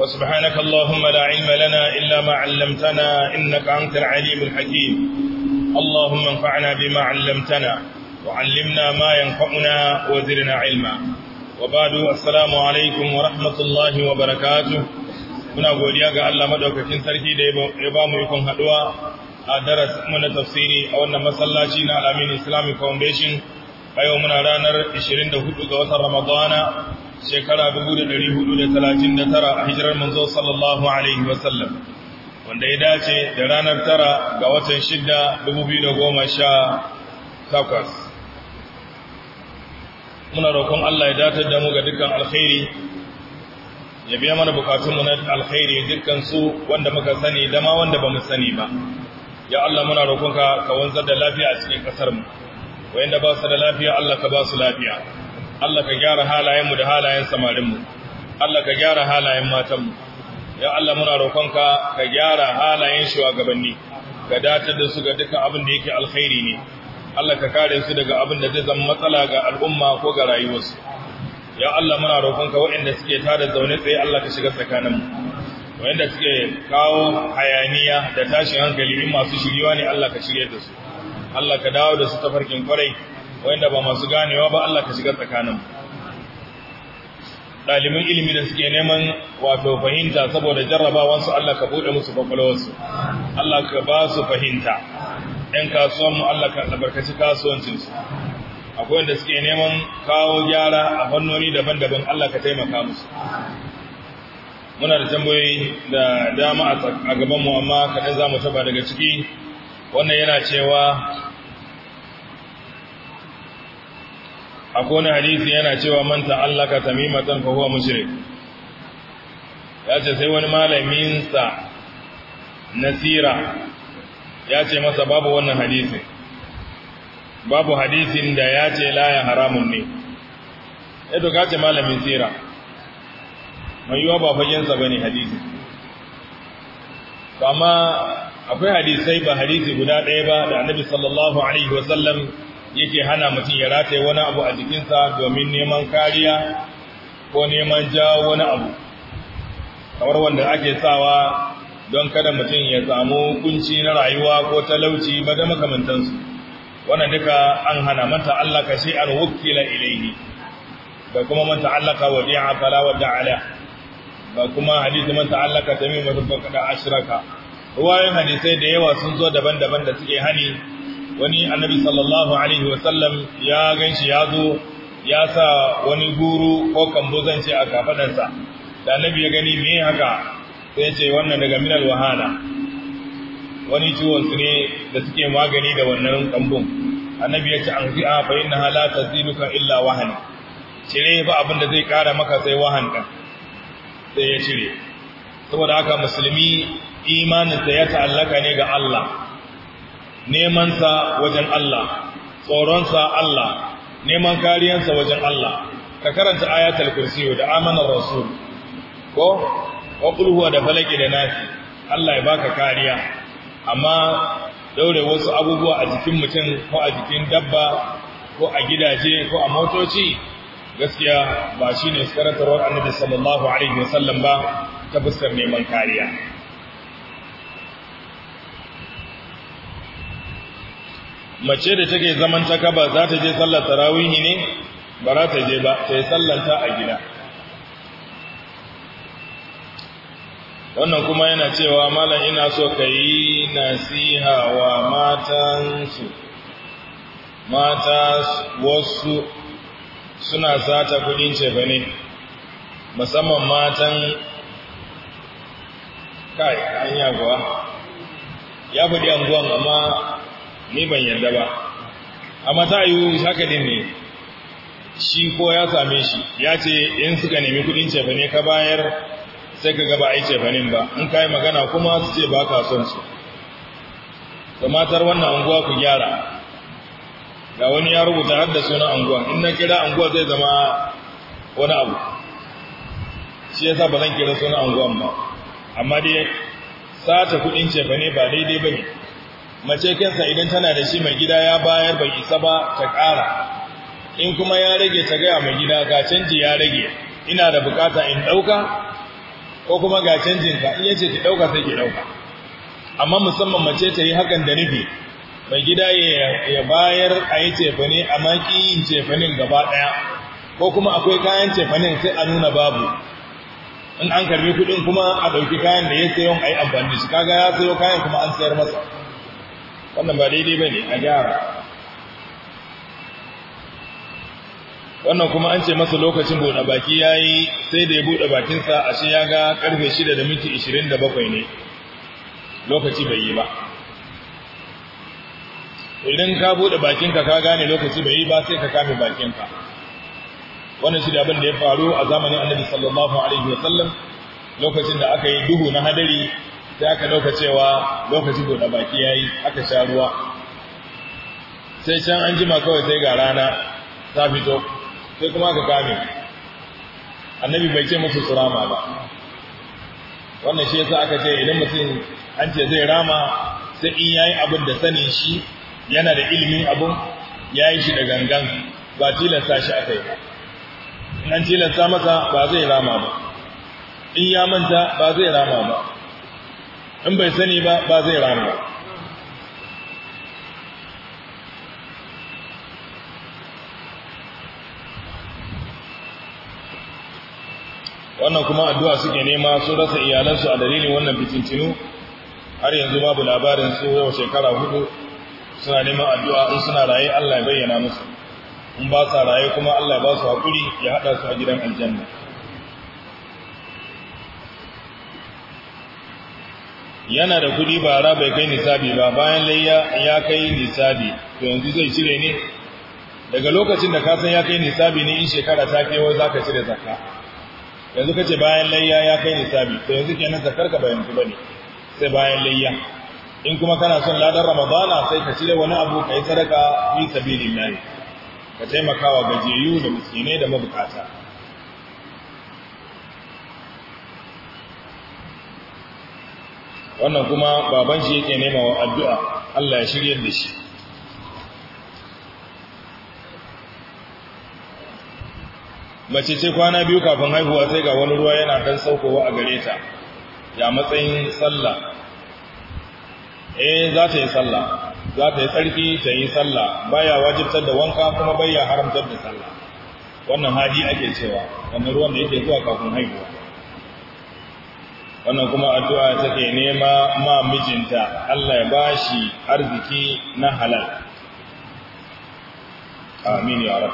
وسبحانك اللهم لا علم لنا إلا ما علمتنا إنك أنت العليم الحكيم اللهم انفعنا بما علمتنا وعلمنا ما ينفعنا وزرنا علما وبعد السلام عليكم ورحمة الله وبركاته muna godiya ga Allah madaukakin sarki da ya ba mu ikon a darasinmu na tafsiri a wannan masallaci na Alamin Islamic Foundation a yau muna ranar 24 ga watan Ramadana shekara tara, a hijirar manzo sallallahu alaihi wasallam wanda ya dace da ranar tara ga watan shida 2018 muna roƙon Allah ya datar da mu ga dukkan alkhairi ya biya mana bukatunmu na alkhairi dukkan su wanda muka sani da ma wanda ba mu sani ba ya Allah muna roƙonka ka wanzar da lafiya a cikin ƙasarmu wayanda ba su da lafiya Allah ka ba su lafiya Allah ka gyara halayenmu da halayen samarinmu Allah ka gyara halayen matanmu ya Allah muna roƙonka ka gyara halayen shugabanni ka datar da su ga duka abin da yake alkhairi ne Allah ka kare su daga abin da zai zama matsala ga al'umma ko ga rayuwarsu ya Allah muna roƙonka waɗanda suke tada zaune tsaye Allah ka shiga tsakaninmu waɗanda suke kawo hayaniya da tashin hankali in masu shigewa ne Allah ka shirye da su Allah ka dawo da su tafarkin kwarai wanda ba masu ganewa ba Allah ka shigar tsakanin ɗaliban ilimi da suke neman wato fahimta saboda jarrabawansu Allah ka buɗe musu kwakwalwarsu Allah ka ba su fahimta ‘yan mu Allah ka albarkaci kasuwancinsu akwai wanda suke neman kawo gyara a fannoni daban-daban Allah ka taimaka musu muna da tambayoyi da dama a gaban mu amma kaɗan za mu taba daga ciki wannan yana cewa akwai wani hadisi yana cewa man ta'allaka tamimatan fa huwa mushrik ya ce sai wani malamin sa nasira ya ce masa babu wannan hadisi babu hadisin da ya ce la ya haramun ne ya eh, to kace malamin sira mai yiwa ba fagen ba ne hadisi amma akwai hadisai ba hadisi guda ɗaya ba da annabi sallallahu alaihi wasallam yake hana mutum ya rataye wani abu a jikinsa domin neman kariya ko neman jawo wani abu kamar wanda ake sawa don kada mutum ya samu kunci na rayuwa ko talauci ba da makamantansu wani duka an hana mata shi an wukila ilaihi da kuma mata allaka wadi'a fala wa da'ala ba kuma hadisi mata allaka tamimatu da ashraka ruwayoyin hadisai da yawa sun zo daban-daban da suke hani wani annabi sallallahu alaihi wasallam ya ganshi ya zo ya sa wani guru ko kambo zance a kafadarsa da annabi ya gani me haka sai ce wannan daga minal wahala wani ciwon su ne da suke magani da wannan kambun annabi ya ce an fi'a fa na la taziduka illa wahani cire ba abin da zai kara maka sai wahan ɗan. sai ya cire saboda haka musulmi imaninsa ya ta'allaka ne ga Allah nemansa wajen Allah tsoronsa Allah neman kariyansa wajen Allah ka karanta ayatul kursi da amanar rasul ko wa huwa da falaki da nafi Allah ya baka kariya amma daure wasu abubuwa a jikin mutum ko a jikin dabba ko a gidaje ko a motoci gaskiya ba shine karantarwar annabi sallallahu alaihi wasallam ba ta fuskar neman kariya mace da take zaman ta kaba za ta je sallar tarawihi ne ba za ta je ba ta yi sallanta a gida wannan kuma yana cewa malam ina so ka yi nasiha wa matansu mata wasu suna sata kudin ne, musamman matan kai an yaguwa. ya fi anguwan amma ni ban yarda ba amma ta yi haka din ne shi ko ya same shi ya ce in suka nemi kudin cefane ka bayar sai ka gaba ai cefanin ba in ka magana kuma su ce ba ka son su matar wannan anguwa ku gyara ga wani ya rubuta har da sunan anguwa in na kira anguwa zai zama wani abu shi yasa ba zan kira sunan anguwan ba amma dai sata kudin cefane ba daidai ba ne mace kansa idan tana da shi mai gida ya bayar bai isa ba ta ƙara in kuma ya rage ta gaya mai gida ga canji ya rage ina da bukata in ɗauka ko kuma ga canjin ka in yace ki ɗauka sai ki ɗauka amma musamman mace ta yi hakan da nufi mai gida ya bayar a yi cefane amma ki yin cefanin gaba ɗaya ko kuma akwai kayan cefanin sai a nuna babu in an karbi kuɗin kuma a ɗauki kayan da ya sayo a yi amfani shi kaga ya sayo kayan kuma an sayar masa wannan ba daidai ba ne a gyara wannan kuma an ce masa lokacin buɗe baki ya yi sai da ya buɗe bakinsa a shi ya ga ƙarfe shida da minti ishirin da bakwai ne lokaci bai yi ba idan ka buɗe bakinka ka gane lokaci bai yi ba sai ka kame bakinka wannan shi da abin da ya faru a zamanin annabi sallallahu alaihi wasallam lokacin da aka yi duhu na hadari sai aka ɗauka cewa lokacin buɗe baki ya yi aka sha ruwa sai can an jima kawai sai ga rana ta fito sai kuma aka kame annabi bai ce musu su rama ba wannan shi yasa aka ce idan mutum an ce zai rama sai in yayi abin da sani shi yana da ilimin abin yayi shi da gangan ba tilasta shi aka yi in an tilasta masa ba zai rama ba in ya manta ba zai rama ba in bai sani ba ba zai rana ba wannan kuma addu'a suke nema su rasa iyalansu a dalilin wannan fitintinu har yanzu babu labarin su yau shekara hudu suna neman addu'a in suna raye Allah ya bayyana musu in ba sa raye kuma Allah ya ba su haƙuri ya haɗa su a gidan aljanna yana da kudi bara bai kai nisabi ba bayan layya ya kai nisabi to yanzu zai cire ne daga lokacin da ka san ya kai nisabi ne in shekara ta kewa za ka cire zakka yanzu ka ce bayan layya ya kai nisabi to yanzu kenan zakkar ka bayan ba sai bayan layya in kuma kana son ladan ramadana sai ka cire wani abu ka yi sadaka fi sabilillah ka taimaka wa gajiyu da miskinai da mabukata wannan kuma baban shi yake nema wa addu'a Allah ya shiryar da shi mace ce kwana biyu kafin haihuwa sai ga wani ruwa yana dan saukowa a gare ta ya matsayin sallah eh za ta yi sallah za ta yi tsarki ta yi sallah baya wajibtar da wanka kuma baya haramtar da sallah wannan hadi ake cewa wannan ruwan da yake zuwa kafin haihuwa wannan kuma addu'a take nema ma mijinta Allah ya bashi arziki na halal amin ya rab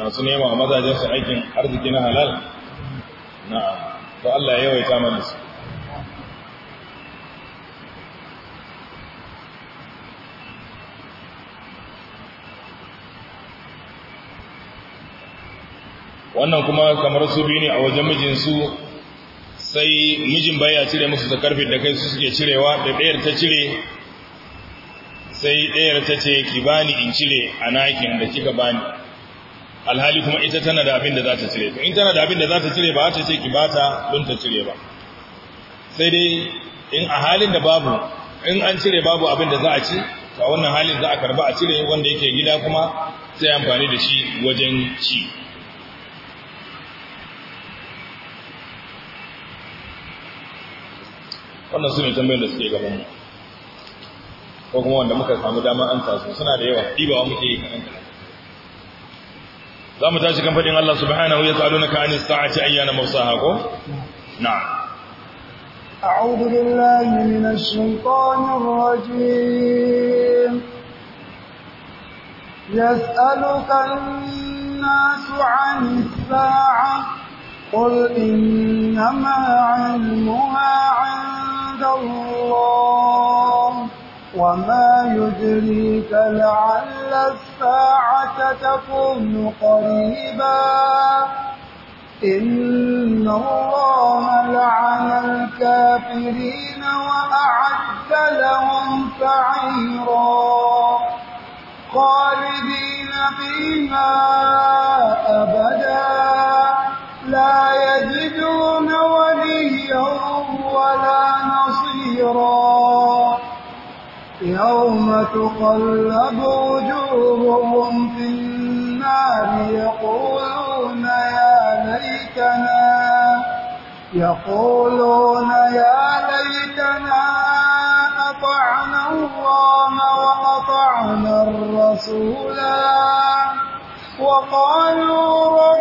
na su nema wa mazajen su aikin arziki na halal na'am to Allah ya yawaita mana su wannan kuma kamar su biyu ne a wajen mijinsu sai mijin baya cire musu karfe da kai su suke cirewa da ɗayar ta cire sai ɗayar ta ce ki bani in cire a nakin da kika bani alhali kuma ita tana da abin da za ta cire to in tana da abin da za ta cire ba ta ce ki bata don ta cire ba sai dai in a halin da babu in an cire babu abin da za a ci to a wannan halin za a karba a cire wanda yake gida kuma sai amfani da shi wajen ci wannan su ne tambayar da suke gaban mu ko kuma wanda muka samu dama an taso suna da yawa ɗibawa muke yi kaɗan kaɗan za mu tashi kan faɗin Allah subhanahu ya tsaro na ka'ani sa'ati ayyana mausaha ko na'am أعوذ بالله من الشيطان الرجيم يسألك الناس عن الساعة قل إنما علمها عند عند الله وما يدريك لعل الساعة تكون قريبا إن الله لعن الكافرين وأعد لهم سعيرا خالدين فيما أبدا لا يجدون يوم تقلب وجوههم في النار يقولون يا ليتنا يقولون يا ليتنا أطعنا الله وأطعنا الرسولا وقالوا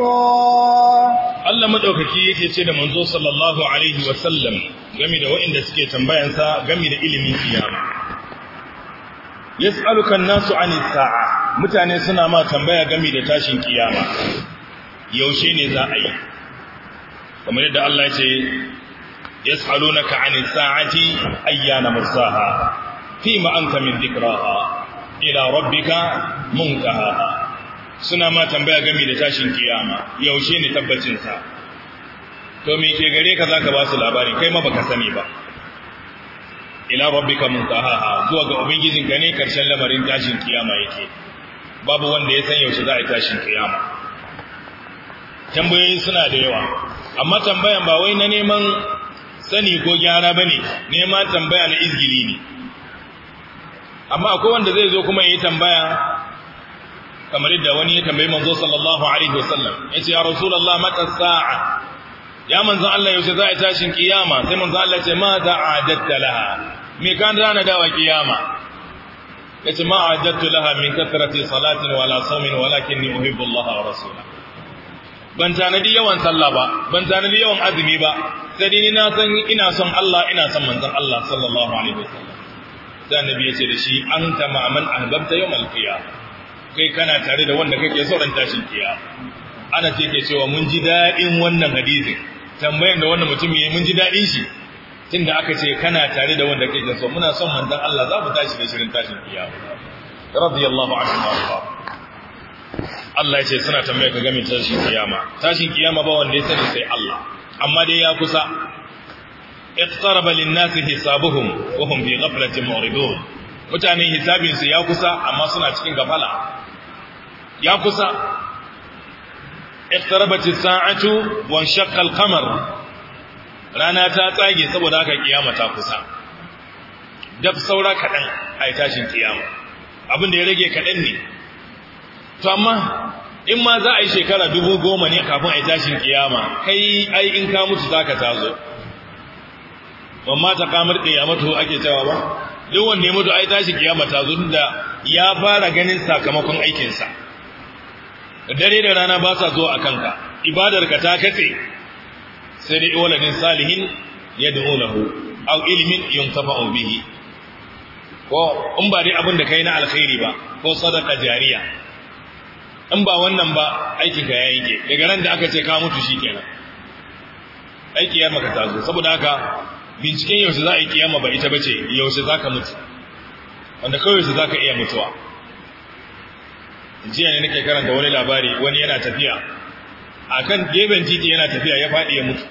Allah madaukaki yake ce da manzo sallallahu alaihi wa sallam game da waɗanda suke tambayan sa game da ilimin kiyama yas'aluka an-nasu 'ani saa mutane suna ma tambaya game da tashin kiyama yaushe ne za a yi kamar yadda Allah ya ce yas'alunaka 'ani sa'ati ayyana mursaha fima anta min dhikraha ila rabbika munqaha suna ma tambaya gami da tashin kiyama yaushe ne tabbacin sa to me ke gare ka zaka ba su labari kai ma baka sani ba ila rabbika muntaha zuwa ga ubangijin ka ne karshen lamarin tashin kiyama yake babu wanda ya san yaushe za a tashin kiyama tambayoyi suna da yawa amma tambayan ba wai na neman sani ko gyara bane neman tambaya na izgili ne amma akwai wanda zai zo kuma yi tambaya kamar yadda wani ya tambayi manzo sallallahu alaihi wasallam yace ya rasulullah mata sa'a ya manzo Allah yaushe za a tashin kiyama sai manzo Allah ce ma za adatta laha me kan rana dawa kiyama yace ma adattu laha min kathrati salatin wala sawmin walakinni uhibbu Allah wa rasulahu ban tanadi yawan sallah ba ban tanadi yawan azumi ba sai ni na san ina son Allah ina son manzon Allah sallallahu alaihi wasallam sai annabi yace da shi anta ma'aman ahbabta yawmal qiyamah kai kana tare da wanda kake sauran tashin kiya ana ce ke cewa mun ji daɗin wannan hadisin tambayan da wannan mutum yayi mun ji daɗin shi tunda aka ce kana tare da wanda kake so muna son manzon Allah za mu tashi da shirin tashin kiya radiyallahu anhu wa Allah ya ce suna tambaya ka game tashin kiyama tashin kiyama ba wanda ya sani sai Allah amma dai ya kusa iqtaraba lin-nasi hisabuhum wa hum fi ghaflatin mu'ridun Mutanen hisabinsu ya kusa amma suna cikin gafala ya kusa iqtarabat saatu wa shaqqa al-qamar rana ta tsage saboda haka kiyama ta kusa dab saura kadan ai tashin kiyama abin da ya rage kadan ne to amma in ma za a yi shekara dubu goma ne kafin a yi tashin kiyama kai ai in ka mutu zaka tazo amma ta kamar kiyamatu ake cewa ba duk wanda ya mutu ai tashin kiyama tazo tunda da ya fara ganin sakamakon aikinsa dare da rana ba sa zuwa a kanka ibadarka ta kace sai dai waladin salihin ya lahu aw ilmin yuntafa'u bihi ko in ba dai abin da kai na alkhairi ba ko sadaqa jariya in ba wannan ba aikin ka yayin daga ran da aka ce ka mutu shikenan aiki ya maka tazo saboda haka binciken yaushe za a yi kiyama ba ita bace yaushe zaka mutu wanda kawai sai zaka iya mutuwa jiya ne nake karanta wani labari wani yana tafiya akan gefen titi yana tafiya ya faɗi ya mutu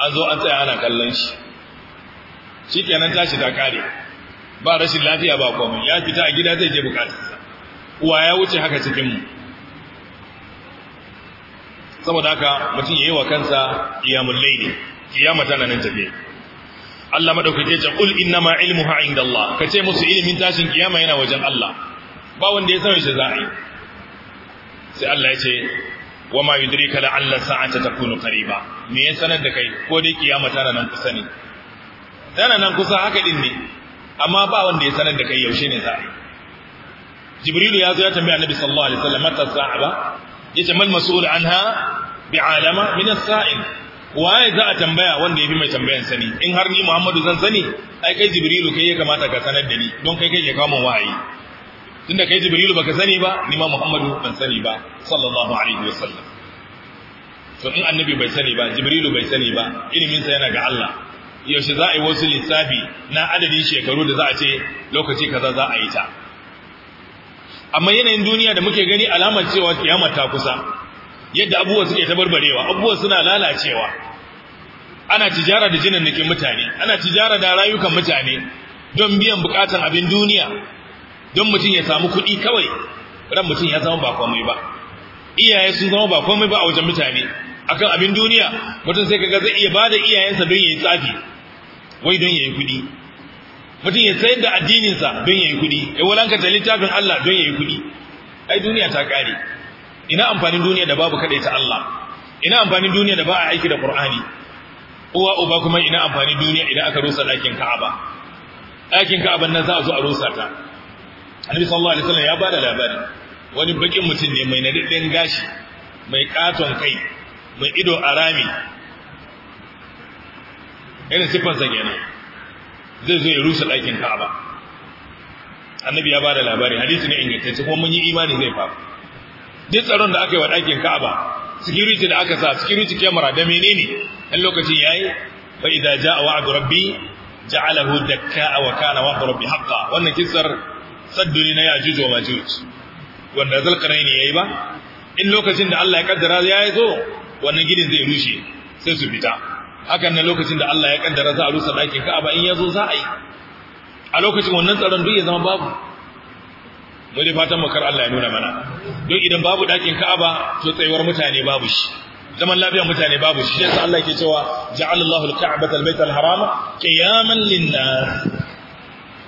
an zo an tsaya ana kallon shi shi tashi ta kare ba rashin lafiya ba komai ya fita a gida zai je bukatarsa uwa ya wuce haka cikinmu saboda haka mutum ya yi wa kansa kiyamun laili kiyama tana nan tafiya Allah madaukake ce kul innama ilmuha inda Allah kace musu ilimin tashin kiyama yana wajen Allah ba wanda ya san shi za a yi sai Allah ya ce wa ma yudrika la alla sa'ata takunu qariba me ya sanar da kai ko dai kiyama tana nan kusa ne tana nan kusa haka din ne amma ba wanda ya sanar da kai yaushe ne za a yi jibrilu ya zo ya tambaya annabi sallallahu alaihi wasallam mata sa'aba yace mal mas'ul anha bi'alama min as-sa'il waye za a tambaya wanda ya fi mai tambayan sani in har ni Muhammadu zan sani ai kai Jibrilu kai ya kamata ka sanar da ni don kai kai ya kawo min wahayi tunda kai jibrilu baka sani ba ni ma muhammadu ban sani ba sallallahu alaihi wasallam to in annabi bai sani ba jibrilu bai sani ba ilimin sa yana ga Allah yaushe za a yi wasu lissafi na adadin shekaru da za a ce lokaci kaza za a yi ta amma yanayin duniya da muke gani alamar cewa kiyama ta kusa yadda abubuwa suke tabarbarewa abubuwa suna lalacewa ana tijara da jinan nikin mutane ana tijara da rayukan mutane don biyan bukatan abin duniya don mutum ya samu kuɗi kawai ran mutum ya zama ba komai ba iyaye sun zama ba komai ba a wajen mutane akan abin duniya mutum sai kaga zai iya bada iyayensa don ya yi tsafi wai don ya yi kuɗi mutum ya sayar da addininsa don ya yi kuɗi ya walankata littafin Allah don ya yi kuɗi ai duniya ta kare ina amfanin duniya da babu kaɗai ta Allah ina amfanin duniya da ba a aiki da Qur'ani uwa uba kuma ina amfanin duniya idan aka rusa ɗakin Ka'aba ɗakin Ka'aban nan za a zo a rusa ta annabi sallallahu alaihi wasallam ya bada labari wani bakin mutum ne mai nadadden gashi mai katon kai mai ido arami irin sifansa kenan zai zo ya rusa ɗakin ka'aba annabi ya bada labari hadisi ne ingantacce kuma mun yi imani zai faru duk tsaron da aka yi wa ɗakin ka'aba security da aka sa security camera da menene dan lokacin yayi fa idza jaa wa'du rabbi ja'alahu dakka wa kana wa'du rabbi haqqan wannan kissar sadduni na yajuj wa majuj wanda zulkarnain yayi ba in lokacin da Allah ya kaddara ya zo wannan ginin zai rushe sai su fita hakan ne lokacin da Allah ya kaddara za a rusa dakin Ka'aba in ya zo za a yi a lokacin wannan tsaron duk ya zama babu mu dai fatan makar Allah ya nuna mana don idan babu dakin Ka'aba to tsayuwar mutane babu shi zaman lafiyar mutane babu shi yasa Allah yake cewa ja'alallahu al-ka'bata al-bayta al-harama qiyaman lin-nas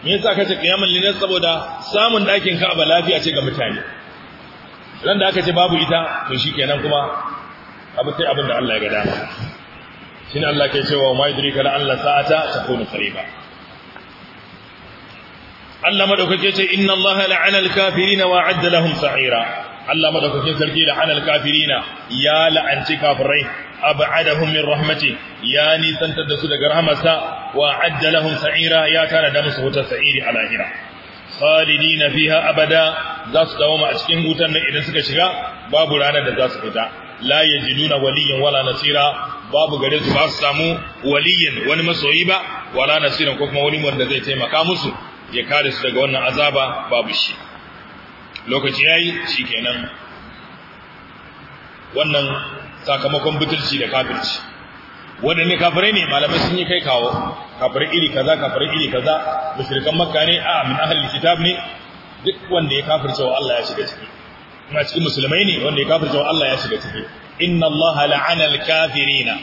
me yasa aka ce qiyamul linas saboda samun dakin Ka'aba lafiya ce ga mutane ran da aka ce babu ita to shikenan kuma abu sai abin da Allah ya ga dama shine Allah ke cewa ma yudrika la alla sa'ata takunu qariba Allah madaukake ce inna Allah la'ana al-kafirina wa a'adda lahum sa'ira Allah madaukakin sarki la'ana al-kafirina ya la'anci kafirai ab'adahum min rahmati ya nisantar da su daga rahmarsa wa adda sa'ira ya tana da musu wutar sa'iri a lahira khalidina fiha abada za su dawoma a cikin wutar nan idan suka shiga babu ranar da za su fita la yajiduna waliyan wala nasira babu gare su ba su samu waliyan wani masoyi ba wala nasira ko kuma wani wanda zai taimaka musu ya kare su daga wannan azaba babu shi lokaci yayi shikenan wannan sakamakon butulci da kafirci waɗanne kafirai ne malamai sun yi kai kawo kafirai iri kaza kafirai iri kaza mushrikan makka ne a min ahlul kitab ne duk wanda ya kafirce wa Allah ya shiga ciki ina cikin musulmai ne wanda ya kafirce wa Allah ya shiga ciki inna Allah la'ana al-kafirina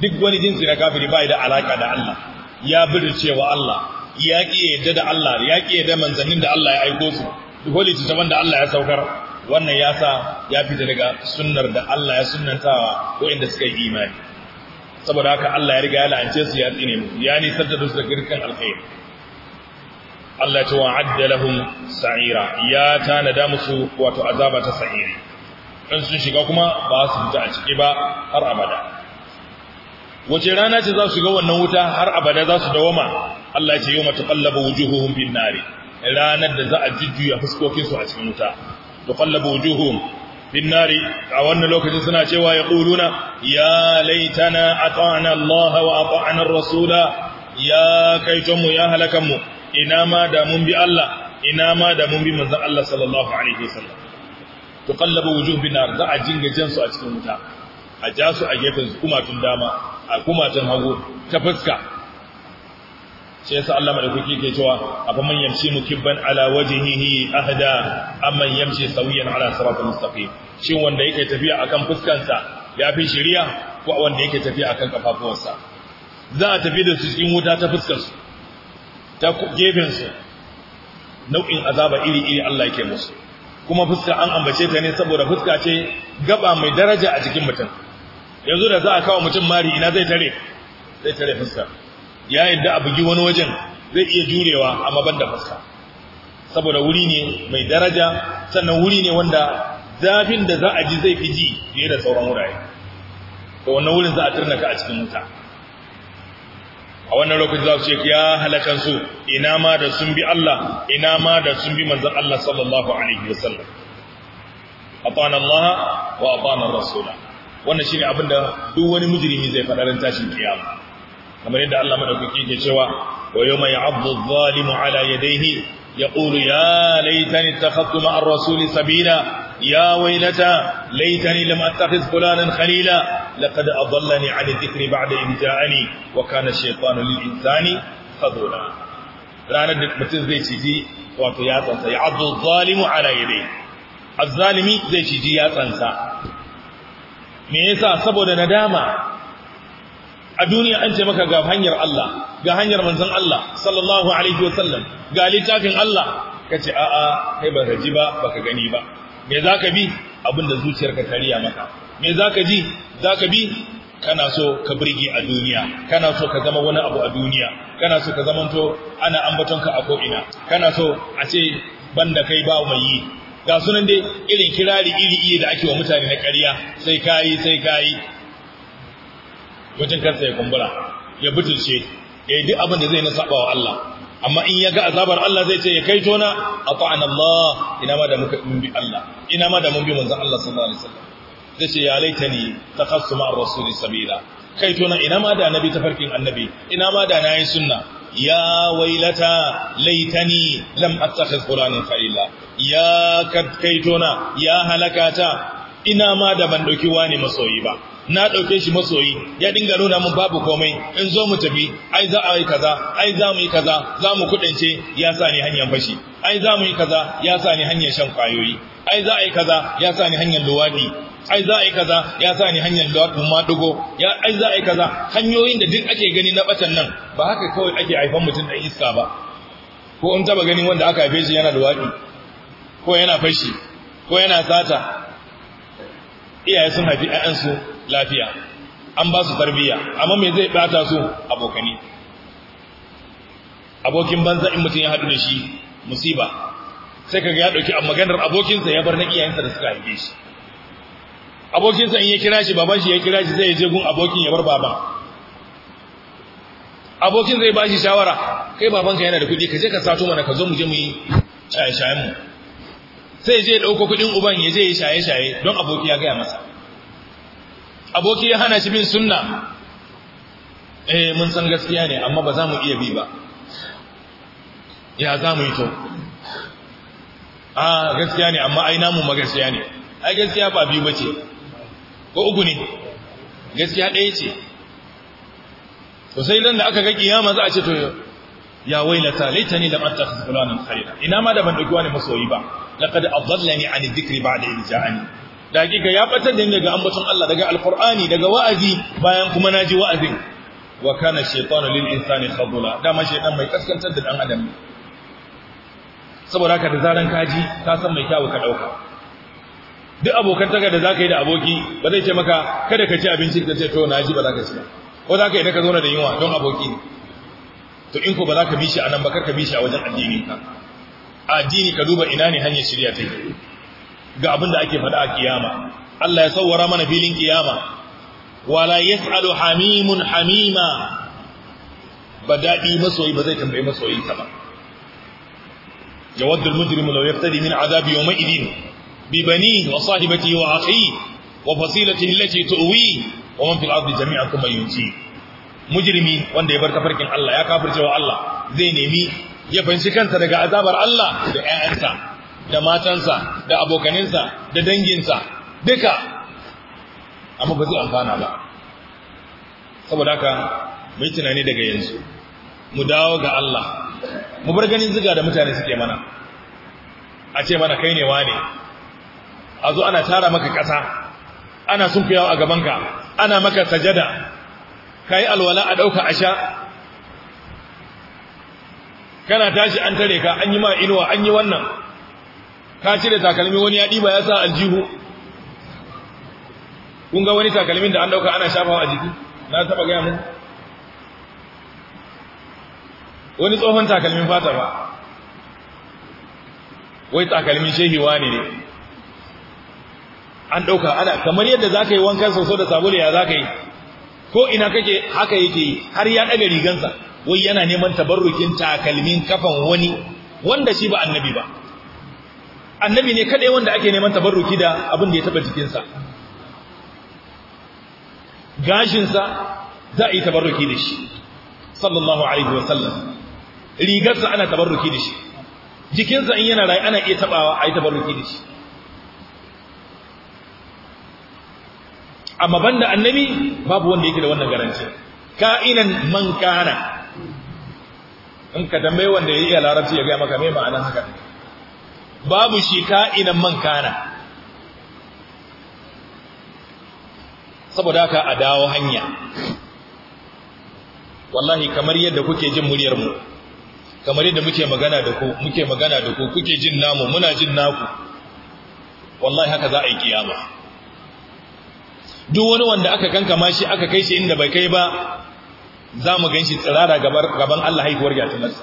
duk wani jinsi na kafiri bai da alaka da Allah ya birce wa Allah ya ki yadda da Allah ya ki yadda manzannin da Allah ya aiko su duk wani da Allah ya saukar wannan ya sa ya fita daga sunnar da Allah ya sunnantawa waɗanda suka yi imani saboda haka Allah ya riga ya la'ance su ya tsine mu. ya sarta da su da girkan alkhair Allah ta wa'adda lahum sa'ira ya tanada musu wato azaba ta sa'iri in sun shiga kuma ba su fita a ciki ba har abada wace rana ce za su ga wannan wuta har abada za su dawama Allah ya ce yau matuƙallaba wujuhuhum bin nari ranar da za a jujjuya fuskokinsu a cikin wuta tuqallabu wujuhum bin nari a wannan lokaci suna cewa ya quluna ya laitana ata'na Allah wa ata'na ar-rasula ya kaitonmu ya halakanmu ina ma da mun bi Allah ina ma da mun bi manzon Allah sallallahu alaihi wasallam tuqallabu wujuh bin nar za a jinga jansu a cikin wuta a ja su a gefen su kuma tun dama a kuma tun hagu ta fuska sai yasa Allah madaukaki ke cewa afa man yamshi mukibban ala wajhihi ahda amma yamshi sawiyan ala siratal mustaqim shin wanda yake tafiya akan fuskansa ya fi shiriya ko wanda yake tafiya akan kafafuwansa za a tafi da su cikin wuta ta fuskar su ta gefen su nau'in azaba iri iri Allah yake musu kuma fuska an ambace ta ne saboda fuska ce gaba mai daraja a cikin mutum yanzu da za a kawo mutum mari ina zai tare zai tare fuskar ya yadda a bugi wani wajen zai iya jurewa amma ban da fuska saboda wuri ne mai daraja sannan wuri ne wanda zafin da za a ji zai fi ji fiye da sauran wurare ko wannan wurin za a ka a cikin wuta a wannan lokacin za su ce ya halakan su ina ma da sun bi Allah ina ma da sun bi manzon Allah sallallahu alaihi wasallam atana Allah wa atana rasula wannan shine abinda duk wani mujrimi zai faɗa ran tashin kiyama kamar yadda Allah madaukaki ke cewa wa yawma ya'dhu adh-dhalimu ala yadayhi yaqulu ya laitani ittakhadtu ma'a ar-rasuli sabila ya waylata laitani lam attakhiz fulanan khalila laqad adallani 'ani dhikri ba'da imta'ani wa kana ash-shaytanu lil-insani khadula ranar da mutum zai ciji wato ya tsansa, ya'dhu adh-dhalimu ala yadayhi az-zalimi zai ciji tsansa. me yasa saboda nadama a duniya an ce maka ga hanyar Allah ga hanyar manzon Allah sallallahu alaihi wasallam ga littafin Allah kace a'a kai ba ka ji ba baka gani ba me zaka bi abinda zuciyarka ta riya maka me zaka ji zaka bi kana so ka burge a duniya kana so ka zama wani abu a duniya kana so ka zamanto ana ka a ko'ina kana so a ce banda kai ba mai yi ga sunan dai irin kirari iri iri da ake wa mutane na ƙarya sai kayi sai kayi wajen kansa ya kumbura ya butulce ya yi duk abin da zai na saba wa Allah amma in ya ga azabar Allah zai ce ya kai tona a ta'an Allah ina ma da muka bi Allah ina ma da mun bi manzon Allah sallallahu alaihi wasallam zai ce ya laita ta takhassu ma'ar rasul sabila kai tona ina ma da nabi ta farkin annabi ina ma da nayi sunna ya wailata laitani lam attakhiz qur'anan khalila ya kad kai tona ya halakata ina ma da ban dauki wani masoyi ba na ɗauke shi masoyi ya dinga nuna min babu komai in zo mu tafi ai za a yi kaza ai za mu yi kaza za mu kudince. ya sa ni hanyar fashi ai za mu yi kaza ya sa ni hanyar shan kwayoyi ai za a yi kaza ya sa ni hanyar luwadi. ai za a yi kaza ya sa ni hanyar ma dugo ya ai za a yi kaza hanyoyin da duk ake gani na batan nan ba haka kawai ake haifan mutum da iska ba ko in taɓa ganin wanda aka haife shi yana luwadi, ko yana fashi ko yana sata iyaye sun haifi ƴaƴansu lafiya an ba su tarbiyya amma me zai bata su abokani abokin banza in mutum ya haɗu da shi musiba sai kaga ya ɗauki maganar abokinsa ya bar na iyayensa da suka haife shi abokinsa in ya kira shi baban shi ya kira shi zai je gun abokin ya bar baban abokin zai ba shi shawara kai babanka yana da kuɗi ka je ka sato mana ka zo mu je mu yi shaye-shayen mu sai je dauko kudin uban ya je ya shaye shaye don aboki ya gaya masa aboki ya hana shi bin sunna eh mun san gaskiya ne amma ba za mu iya bi ba ya za mu yi to a ah, gaskiya ne amma ai namu ma gaskiya ne ai gaskiya ba biyu bace ko uku ne gaskiya ɗaya ce to sai dan da aka ga kiyama za a ce to ya wailata laitani lam attakhidh fulanan khalila ina ma da ban dauki wani masoyi ba laqad adallani an dhikri ba'da id ja'ani da hakika ya batar da ni daga ambaton Allah daga alqur'ani daga wa'azi bayan kuma naji wa'azin wa kana shaytanu lil insani khadula dama shaytan mai kaskantar da dan adam saboda haka da zaran kaji ka san mai kyawu ka dauka duk abokan taka da zaka yi da aboki ba zai ce maka kada ka ci abinci ka ce to naji ba za ka ci ba ko zaka yi da ka zo da yunwa don aboki ne to in ko ba za ka bi shi a nan ba kar ka bi shi a wajen addini ka addini ka duba ina ne hanyar shirya ta ga abin da ake faɗa a kiyama Allah ya sauwara mana filin kiyama wala yas'alu hamimun hamima ba daɗi masoyi ba zai tambayi masoyi ba yawaddu al-mujrimu law yaftadi min azabi yawma idin bi banihi wa sahibatihi wa akhihi wa fasilatihi allati tu'wi wa man fil ardi jami'an thumma yunjihi mujrimi wanda ya bar tafarkin Allah ya kafircewa Allah zai nemi ya fanci kansa daga azabar Allah da ƴaƴansa da matansa da abokaninsa da danginsa duka amma ba zai amfana ba saboda haka mu tunani daga yanzu mu dawo ga Allah mu bar ganin ziga da mutane suke mana a ce mana kai ne wane a zo ana tara maka ƙasa ana sunkuyawa a gabanka ana maka sajada ka yi alwala a ɗauka a sha kana tashi an tare ka an yi ma inuwa an yi wannan ka cire takalmi wani ya ɗiba ya sa aljihu kun ga wani takalmin da an ɗauka ana shafawa a jiki na taɓa gaya mun wani tsohon takalmin fata ba wai takalmin shehi ne ne an ɗauka ana kamar yadda za ka yi wankan sosai da sabulu ya za ka yi ko ina kake haka yake yi har ya daga rigansa wai yana neman tabarrukin takalmin kafan wani wanda shi ba annabi ba annabi ne kaɗai wanda ake neman tabarruki da abin da ya taba jikinsa gashinsa za a yi tabarruki da shi sallallahu alaihi wasallam rigarsa ana tabarruki da shi jikinsa in yana rayu ana iya tabawa a yi tabarruki da shi amma banda annabi babu wanda yake da wannan garanti ka'inan man kana in ka tambaye wanda ya iya larabci ya ga maka me ma'anar haka babu shi ka'inan man kana saboda haka a dawo hanya wallahi kamar yadda kuke jin muryar mu kamar yadda muke magana da ku muke magana da ku kuke jin namu muna jin naku wallahi haka za a yi kiyama duk wani wanda aka kankama shi aka kai shi inda bai kai ba za mu gan shi tsirara gaban Allah haihuwar gatumarsa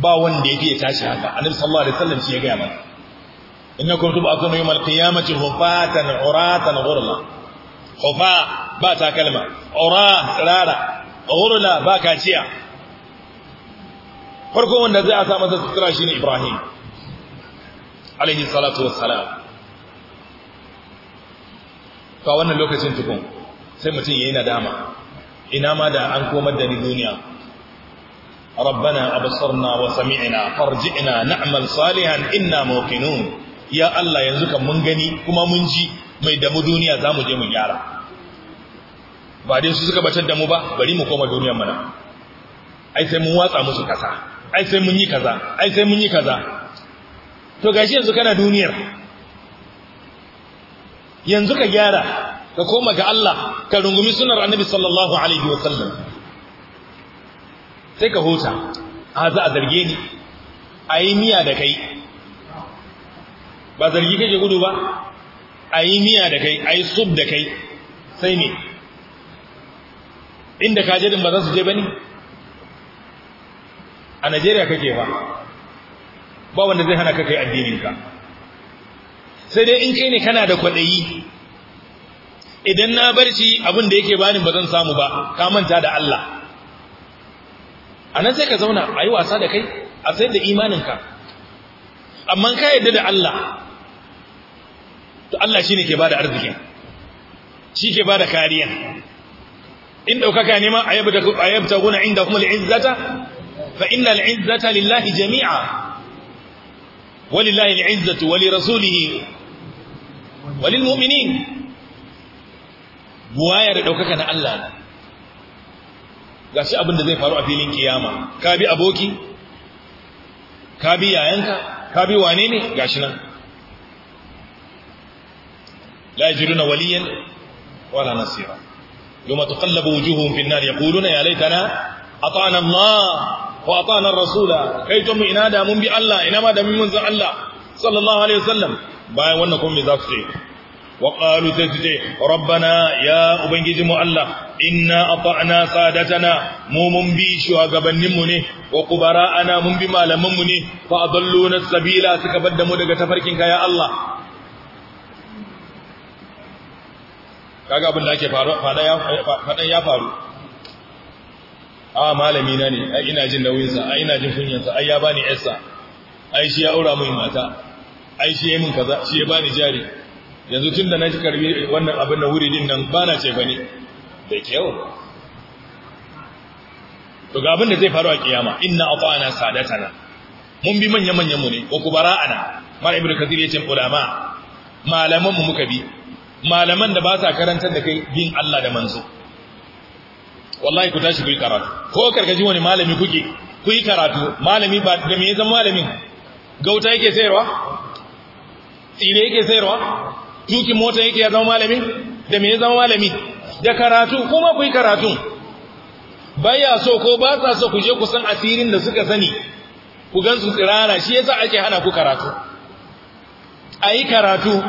ba wanda ya fiye tashi haka annabi sallallahu alaihi wasallam shi ya gaya mana ba a yawmal qiyamati hufatan uratan ghurla hufa ba ta kalma ura tsirara ghurla ba kaciya farko wanda zai a sa masa sutura shine ibrahim alaihi salatu wassalam to wannan lokacin tukun sai mutum yayi nadama ina ma da an komar da ni duniya rabbana absarna wa sami'na farji'na na'mal salihan inna muqinun ya Allah yanzu kan mun gani kuma mun ji mai damu duniya zamu je mu gyara ba dai su suka batar da mu ba bari mu koma duniyar mana ai sai mun watsa musu kasa ai sai mun yi kaza ai sai mun yi kaza to gashi yanzu kana duniyar yanzu ka gyara ka koma ga Allah ka rungumi sunar annabi sallallahu alaihi wa sallam sai ka huta a za a zarge ni a yi miya da kai ba zargi kake gudu ba a yi miya da kai a yi sub da kai sai ne inda jirin ba za su je ba ne a najeriya kake ba ba wanda zai hana ka kai addininka sai dai in kai ne kana da kwaɗayi idan na barci abin da yake bani ba zan samu ba ka manta da Allah anan sai ka zauna a yi wasa da kai a sayar da imaninka amma ka yadda da Allah to Allah shi ne ke bada arzikin shi ke bada kariya in ɗaukaka nema a yabta guna inda kuma al'izzata fa inna al'izzata lillahi jami'a walillahi al'izzatu wali rasulihi walil mu'minin buwaya da daukaka na Allah ne gashi abin da zai faru a filin kiyama ka bi aboki ka bi yayanka ka bi wane ne gashi nan la yajiduna waliyan wala nasira yawma taqallabu wujuhuhum fi an-nar yaquluna ya laitana ata'ana Allah wa ata'ana ar-rasula kai to mu ina da mun bi Allah ina ma da mun san Allah sallallahu alaihi wasallam bayan wannan kuma me za su ce wa qalu sai su ce rabbana ya ubangiji mu Allah inna ata'na sadatana mu mun bi shugabannin mu ne wa kubara'ana mun bi malaman mu ne fa adalluna sabila suka bar da mu daga tafarkin ka ya Allah kaga abin da ake faɗa ya faru a malami na ne ai ina jin nauyinsa ai ina jin kunyansa ai ya bani yarsa ai shi ya aura min mata ai shi ya min kaza shi ya bani jari yanzu tun da na ji karbi wannan abin da wuri din nan ba na ce bane da kyau to ga abin da zai faru a kiyama inna ata'ana sadatana mun bi manya manyan mu ne wa kubara'ana mal ibnu kathir yace ulama malaman mu muka bi malaman da ba sa karantar da kai bin Allah da manzo wallahi ku tashi ku yi karatu ko karkaji wani malami kuke ku yi karatu malami ba da me ya zama malamin gauta yake sayarwa tsire yake sayarwa tuki mota yake ya zama malami da me ya zama malami da karatu kuma ku yi karatu baya so ko ba sa so ku je ku san asirin da suka sani ku gan su tsirara shi yasa ake hana ku karatu a yi karatu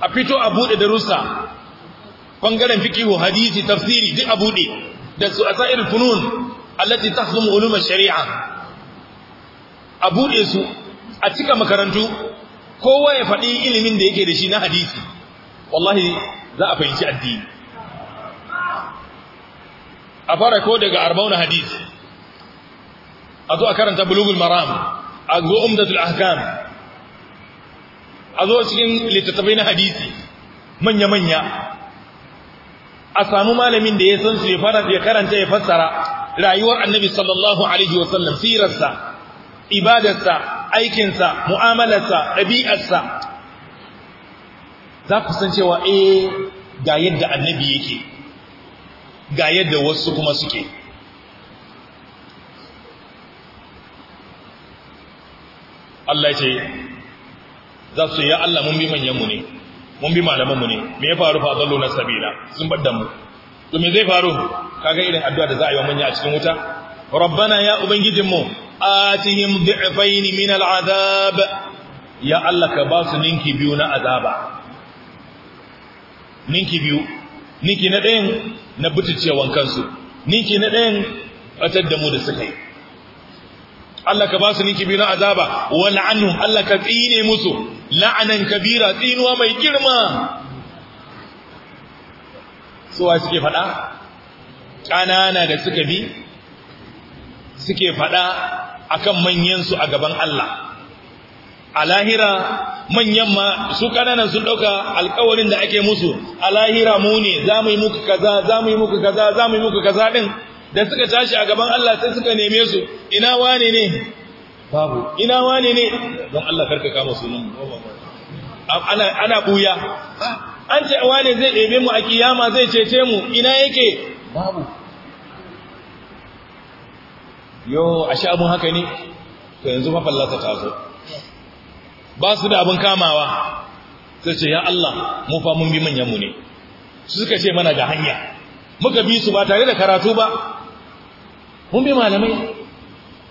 a fito a buɗe darussa ɓangaren fikihu hadisi tafsiri duk a buɗe da su asa'ir funun allati tahzumu ulum shari'a a buɗe su a cika makarantu kowa ya faɗi ilimin da yake da shi na hadisi wallahi za a fahimci addini a fara ko daga arba'una hadisi a zo a karanta bulugul maram a zo umdatul ahkam a zo cikin littattafai na hadisi manya-manya a samu malamin da ya san su ya fara ya karanta ya fassara rayuwar annabi sallallahu alaihi wasallam sirarsa ibadarsa aikinsa mu'amalarsa ɗabi'arsa za ku san cewa eh ga yadda annabi yake ga yadda wasu kuma suke Allah ce za su ya Allah mun bi manyanmu ne mun bi malamanmu ne me ya faru fa zallo na sabila sun bar da mu to me zai faru kaga irin addu'a da za a yi wa manya a cikin wuta rabbana ya ubangijinmu atihim du'fain min al'azab ya Allah ka ba su ninki biyu na azaba ninki biyu ninki na ɗayan na butulcewan ninki na ɗayan batar da da suka Allah ka ba ninki biyu na azaba wa la'anhum Allah ka tsine musu la'anan kabira tsinuwa mai girma suwa suke faɗa da suka bi suke faɗa akan manyansu a gaban Allah a lahira manyan ma su kananan sun dauka alƙawarin da ake musu a lahira mu ne za mu yi muku kaza za mu yi muku kaza za mu yi muku kaza din da suka tashi a gaban Allah sai suka neme su ina wane ne babu ina wane ne don Allah karka kama sunan ana ana buya an ce wane zai ɗebe mu a kiyama zai cece mu ina yake babu yo ashe abun haka ne to yanzu mafallata ta zo ba su da abin kamawa sai ce ya Allah mu fa mun bi manyan mu ne su suka ce mana ga hanya muka bi su ba tare da karatu ba mun bi malamai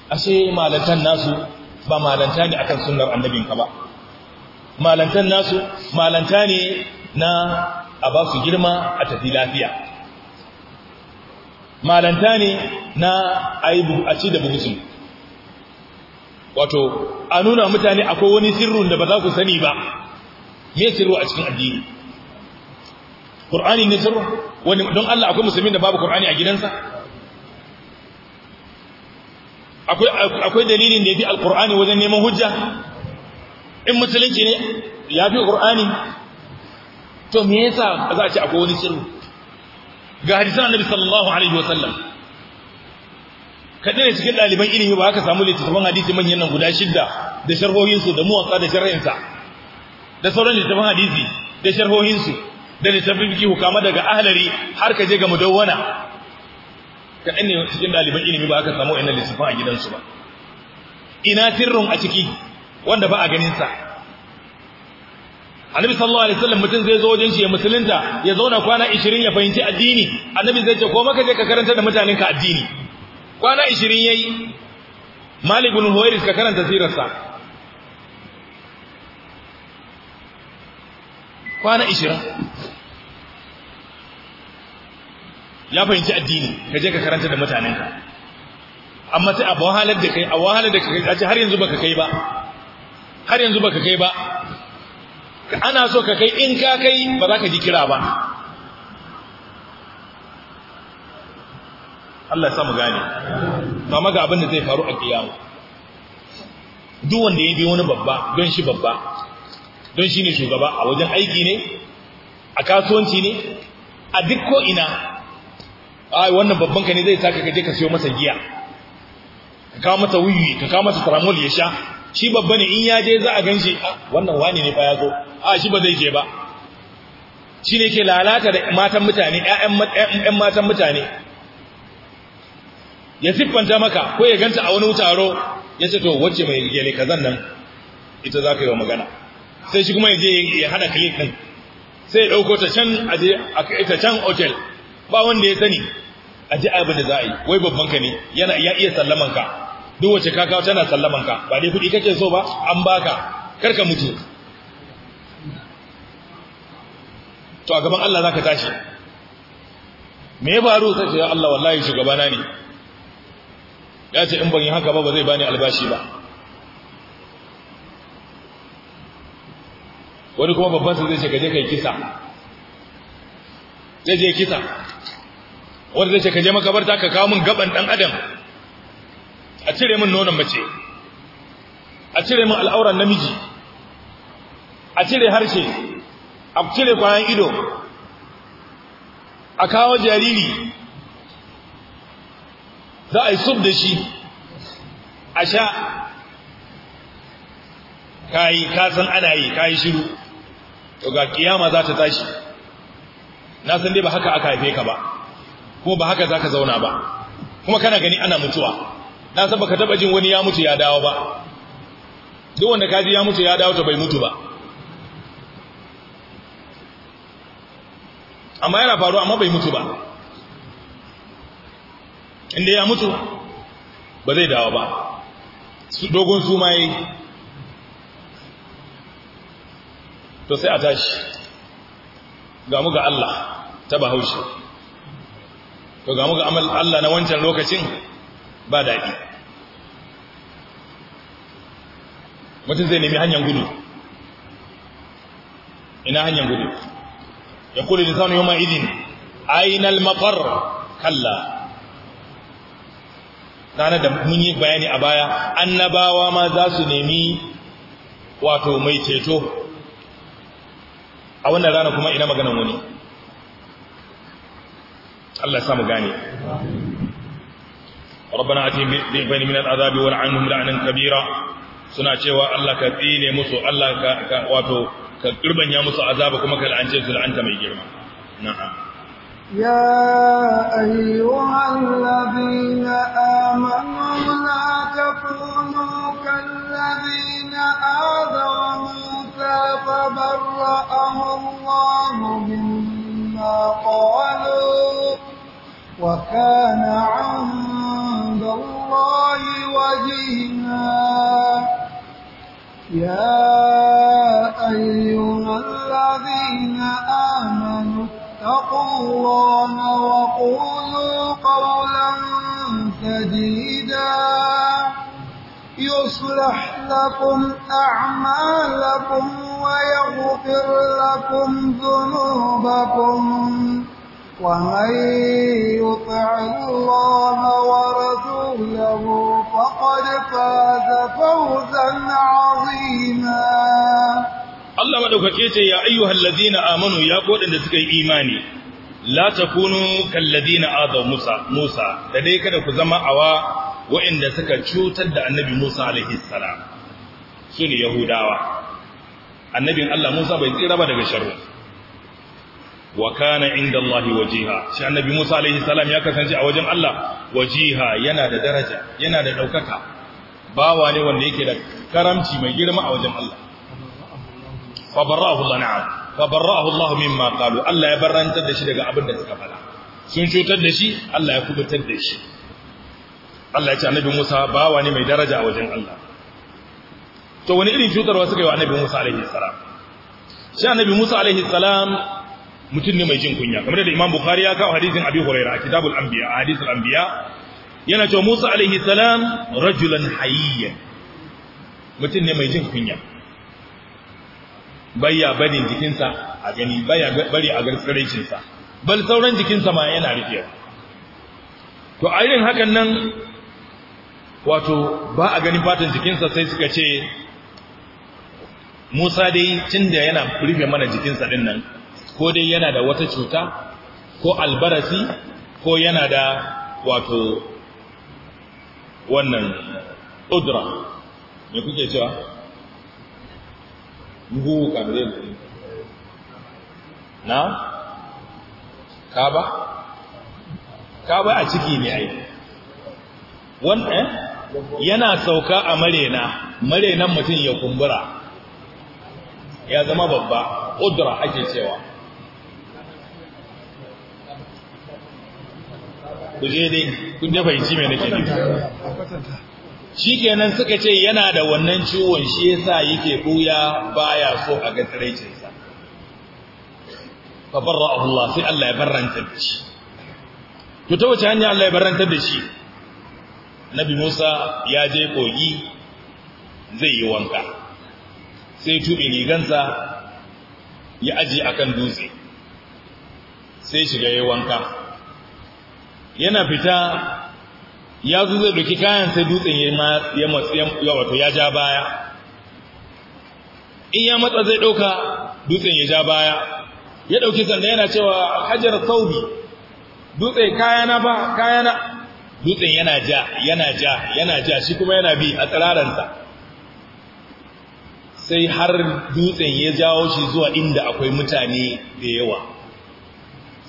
A sai malantan nasu ba malanta ne akan sunnar annabinka ba malantan nasu malanta ne na a ba su girma a tafi lafiya malanta ne na a ci da bugusu wato a nuna mutane akwai wani sirrun da ba za ku sani ba me sirru a cikin addini ƙur'ani ne sirru wani don Allah akwai musulmin da babu ƙur'ani a gidansa akwai dalilin da ya fi alƙur'ani wajen neman hujja in musulunci ne ya fi ƙur'ani to me yasa za a ce akwai wani sirru ga hadisan annabi sallallahu alaihi wasallam kadai cikin daliban ilimi ba aka samu littafin hadisi manyan nan guda shidda da sharhohin su da muwatta da sharhin sa da sauran littafin hadisi da sharhohin su da littafin fiqh kama daga ahlari har ka je ga mudawwana kadai ne cikin daliban ilimi ba aka samu wannan littafin a gidansu ba ina tirrun a ciki wanda ba a ganin sa annabi sallallahu alaihi wasallam mutum zai zo wajen shi ya musulunta ya zauna kwana 20 ya fahimci addini annabi zai ce ko maka je ka karanta da mutanen ka addini kwana 20 yayi Malik bin Huwairis ka karanta sirarsa kwana 20 ya fahimci addini ka je ka karanta da mutanen ka amma sai a wahalar da kai a wahalar da kai a ce har yanzu baka kai ba har yanzu baka kai ba ana so ka kai in ka kai ba za ka ji kira ba Allah ya samu gane ba maga abin da zai faru a kiyama duk wanda ya bi wani babba don shi babba don shi ne shugaba a wajen aiki ne a kasuwanci ne a duk ko ina ai wannan babban ka ne zai saka kaje ka siyo masa giya ka kawo masa wuyi ka kawo masa tramol ya sha shi babba ne in ya je za a gan shi ah, wannan wani ne fa ya zo a ah, shi ba zai je ba shi ne ke lalata da matan mutane 'ya'yan matan mutane ya siffanta maka ko ya ganta a wani taro ya ce to wacce mai gele kazan nan ita za ka yi wa magana sai shi kuma je ya hada kalik ɗin sai ya ɗauko ta can aje ta can otel ba wanda ya sani aje abin da za yi wai babban ka ne yana iya sallaman ka duk wace ka kawo tana sallaman ka ba dai kuɗi kake so ba an baka karka mutu to a gaban Allah zaka tashi me ya faru sai ce ya Allah wallahi shugabana ne ya ce in ban yi haka ba ba zai bani albashi ba wani kuma babban sai zai ce kaje kai kisa zai je kisa Wani zai ce kaje makabarta ka kawo min gaban dan adam a cire min nonon mace a cire min al'auran namiji a cire harshe a cire kwayan ido a kawo jariri za a yi sub da shi a sha kayi kasan ana yi kayi shiru to ga kiyama za ta tashi na san dai ba haka aka haife ka ba kuma ba haka za ka zauna ba kuma kana gani ana mutuwa na san baka taba jin wani ya mutu ya dawo ba duk wanda kaji ya mutu ya dawo ta bai mutu ba amma yana faruwa amma bai mutu ba inda ya mutu ba zai dawo ba su dogon su ma yi to sai a tashi ga mu ga Allah ta bahaushe to ga mu ga Allah na wancan lokacin ba daɗi mutum zai nemi hanyar gudu ina hanyar gudu ya kuli lisanu yamma idin ainihin makar kalla ranar da mun yi bayani a baya annabawa ma za su nemi wato mai ceto a wannan rana kuma ina maganan wani Allah samu gane rabbana atim bi'fani min al'azabi wa la'anhum la'nan suna cewa Allah ka tsine musu Allah ka wato ka turbanya musu azaba kuma ka la'ance su la'anta mai girma na'am يا أيها الذين آمنوا لا تكونوا كالذين آذوا موسى فبرأه الله مما قالوا وكان عنه الله وجهها يا أيها الذين آمنوا اتقوا الله وقولوا قولا سديدا يصلح لكم أعمالكم ويغفر لكم ذنوبكم ومن يطع الله ورسوله فقد فاز فوزا عظيما Allah madaukake ce ya ayyuhal ladina amanu ya ku suka yi imani la takunu kal ladina azaw Musa Musa da dai kada ku zama awa waɗanda suka cutar da annabi Musa alaihi salam sune yahudawa annabin Allah Musa bai tsira ba daga sharri wa kana inda Allah wajiha shi annabi Musa alaihi salam ya kasance a wajen Allah wajiha yana da daraja yana da daukaka bawa ne wanda yake da karamci mai girma a wajen Allah fa barra'ahu Allah na'am fa barra'ahu Allah mimma qalu Allah ya barrantar da shi daga abin da suka fada sun cutar da shi Allah ya kubutar da shi Allah ya ce annabi Musa bawa ne mai daraja a wajen Allah to wani irin cutarwa suka yi wa annabi Musa alaihi salam shi annabi Musa alaihi salam mutum ne mai jin kunya kamar da Imam Bukhari ya kawo hadisin Abi Huraira a Kitabul Anbiya a hadisul Anbiya yana cewa Musa alaihi salam rajulan hayyan mutum ne mai jin kunya baya barin jikinsa a gani baya bari a garsarecin sa bal sauran jikinsa ma yana rufe to a irin hakan nan wato ba a ganin fatan jikinsa sai suka ce Musa dai tunda yana rufe mana jikinsa din nan ko dai yana da wata cuta ko albarasi ko yana da wato wannan udra me kuke cewa ngu kamre na kaba kaba a ciki ne ai wannan eh? yana sauka a marena marenan mutum ya kumbura ya zama babba udra ake cewa ku je dai kun da fahimci me nake nufi shikenan suka ce yana da wannan ciwon shi yasa yake buya baya so a ga tsiraicin sa fa Allah sai Allah ya barranta da shi to ta wace hanya Allah ya barranta da shi Nabi Musa ya je kogi zai yi wanka sai tuɓe rigansa ya aje akan dutse sai shiga yayin wanka yana fita ya zo zai doki kayan sai dutsen ya wato ya ja baya in ya matsa zai ɗauka dutsen ya ja baya ya ɗauki sanda yana cewa hajar saubi dutse kayana ba kayana dutsen yana ja yana ja yana ja shi kuma yana bi a tsiraranta sai har dutsen ya jawo shi zuwa inda akwai mutane da yawa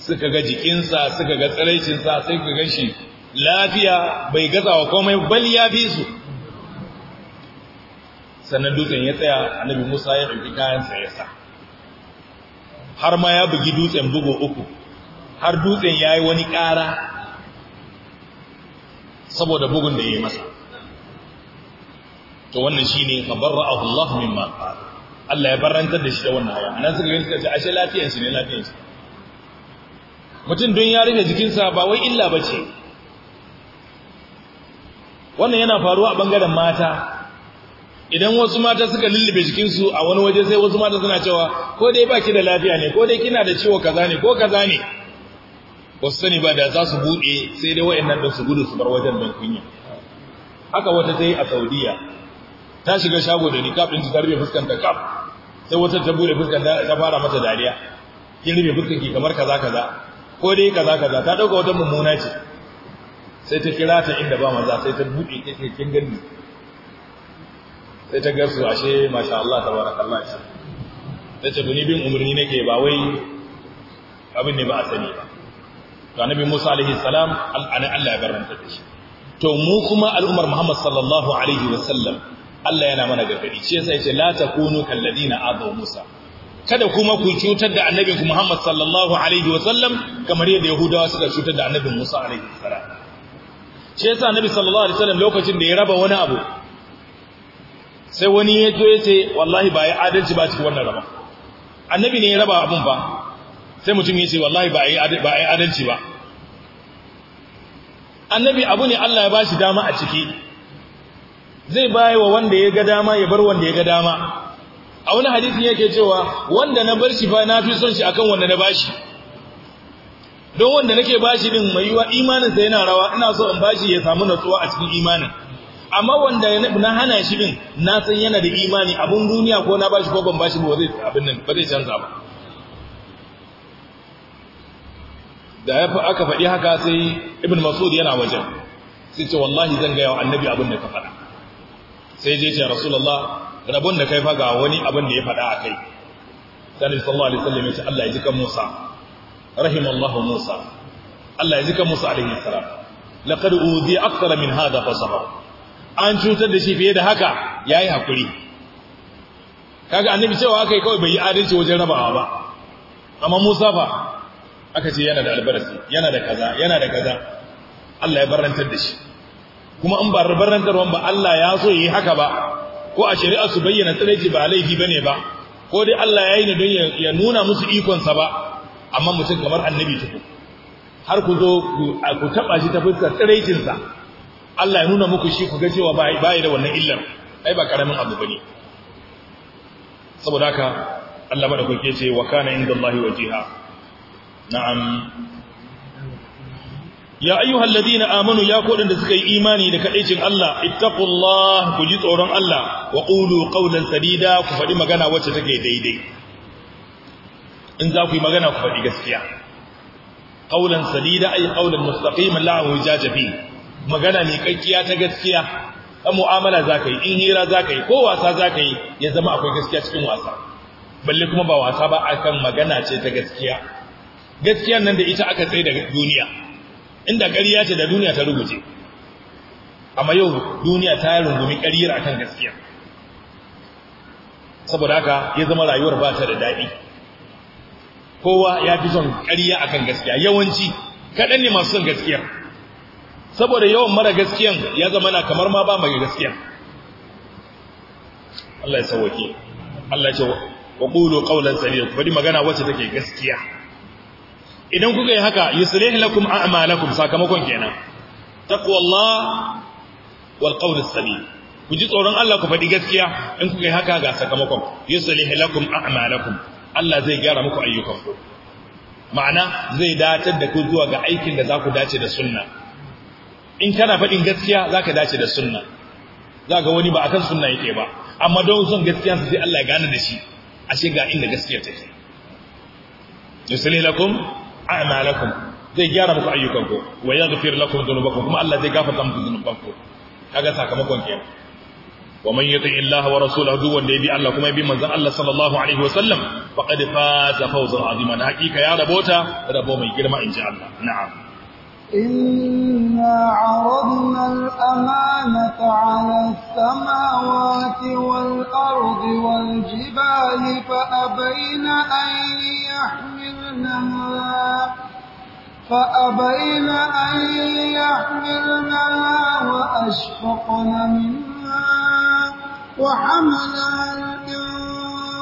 suka ga jikinsa suka ga tsiraicinsa sai ka gan shi lafiya bai gaza wa komai bal ya fi su sannan dutsen ya tsaya annabi musa ya ɗauki kayansa ya sa har ma ya bugi dutsen bugu uku har dutsen ya yi wani ƙara saboda bugun da ya yi masa to wannan shi ne kabarra Allah min ma Allah ya barantar da shi da wannan haya nan suka gani suka ce ashe lafiyar shi ne lafiyar shi mutum don ya rufe jikinsa ba wai illa ba ce wannan yana faruwa a ɓangaren mata idan wasu mata suka lullube jikinsu a wani waje sai wasu mata suna cewa ko dai ki da lafiya ne ko dai kina da ciwo kaza ne ko kaza ne ba su sani ba da za su buɗe sai dai wa'annan da su gudu su bar wajen don kunya haka wata ta yi a saudiya ta shiga shago da niqab din ta rufe fuskanta kaf sai wata ta bude fuskanta ta fara mata dariya kin rufe fuskanki kamar kaza kaza ko dai kaza kaza ta dauka wata mummuna ce sai ta kira ta inda ba maza sai ta buɗe kike kin gani sai ta gasu ashe masha Allah tabarakallah shi ta ce ni bin umarni nake ba wai abin ne ba a sani ba to annabi Musa alaihi salam al'ana Allah ya garanta da shi to mu kuma al'ummar Muhammad sallallahu alaihi wa sallam Allah yana mana gargadi shi yasa yace la takunu kal ladina adaw Musa kada kuma ku cutar da annabinku Muhammad sallallahu alaihi wasallam kamar yadda Yahudawa suka cutar da annabin Musa alaihi salam shi yasa annabi sallallahu alaihi wasallam lokacin da ya raba wani abu sai wani ya zo ya ce wallahi ba ya adalci ba cikin wannan raba annabi ne ya raba abun ba sai mutum ya ce wallahi ba ya adalci ba annabi abu ne Allah ya bashi dama a ciki zai bayar wa wanda ya ga dama ya bar wanda ya ga dama a wani hadisin yake cewa wanda na bar shi fa na fi son shi akan wanda na bashi don wanda nake bashi din mai yiwa imaninsa yana rawa ina so in bashi ya samu natsuwa a cikin imanin amma wanda na hana shi din na san yana da imani abun duniya ko na bashi ko ban bashi ba zai abin nan ba zai canza ba da ya fa aka faɗi haka sai ibn masud yana wajen sai ce wallahi zan ga yau annabi abin da ka faɗa sai je ce rasulullah rabon da kai fa ga wani abin da ya faɗa a kai sai sallallahu alaihi wasallam ya Allah ya jika kan Musa rahimallahu Musa Allah ya jika kan Musa alaihi salam laqad uzi akthar min hada fa sabar an cutar da shi fiye da haka yayi hakuri kaga annabi cewa akai kawai bai yi adalci wajen rabawa ba amma Musa fa aka ce yana da albarasi yana da kaza yana da kaza Allah ya barantar da shi kuma in ba barrantarwan ba Allah ya so yi haka ba ko a shari'a su bayyana tsiraici ba laifi ba ne ba ko dai Allah ya yi ne don ya nuna musu ikonsa ba amma mutum kamar annabi tukun har ku zo ku taɓa shi ta fuskar tsiraicinsa Allah ya nuna muku shi ku ga cewa ba ya da wannan illar ai ba karamin abu bane saboda haka Allah kuke ce wa kana inda Allah wajiha na'am ya ayyuhal ladina amanu ya kodin da suka yi imani da kadaicin Allah ittaqullah ku ji tsoron Allah wa qulu qawlan sadida ku faɗi magana wacce take daidai in za ku yi magana ku faɗi gaskiya qawlan sadida ay qawlan mustaqiman la hujaja magana mai kakkiya ta gaskiya a mu'amala zaka yi in hira zaka yi ko wasa zaka yi ya zama akwai gaskiya cikin wasa balle kuma ba wasa ba akan magana ce ta gaskiya gaskiyan nan da ita aka tsaye daga duniya inda ƙarya ce da duniya ta rubuce amma yau duniya ta rungumi ƙaryar akan gaskiya saboda haka ya zama rayuwar ba ta da daɗi kowa ya fi son ƙarya akan gaskiya yawanci kaɗan ne masu son gaskiya saboda yawan mara gaskiyan ya zama na kamar ma ba mai gaskiya Allah ya sauwake Allah ya ce wa qulu ƙaunar sadida ku bari magana wacce take gaskiya idan kuka yi haka yuslih lakum a'malakum sakamakon kenan taqwallah wal qawl as-salim ku ji tsoron Allah ku faɗi gaskiya in kuka yi haka ga sakamakon yuslih lakum a'malakum Allah zai gyara muku ayyukanku ma'ana zai datar da ku zuwa ga aikin da za ku dace da sunna in kana faɗin gaskiya za ka dace da sunna za ga wani ba a kan sunna yake ba amma don son gaskiya su sai Allah ya gane da shi ashe ga inda gaskiya take yusalli lakum a'malakum zai gyara muku ayyukanku wa yaghfir lakum dhunubakum kuma Allah zai gafarta muku dhunubanku kaga sakamakon ke wa man yuti illaha wa rasulahu duk wanda ya bi Allah kuma ya bi manzon Allah sallallahu alaihi wa sallam faqad faza fawzan azima hakika ya rabota rabo mai girma inji Allah na'am إنا عرضنا الأمانة على السماوات والأرض والجبال فأبين أن يحملنها فأبين أن يحملنها وأشفقن منها وحملها الإنسان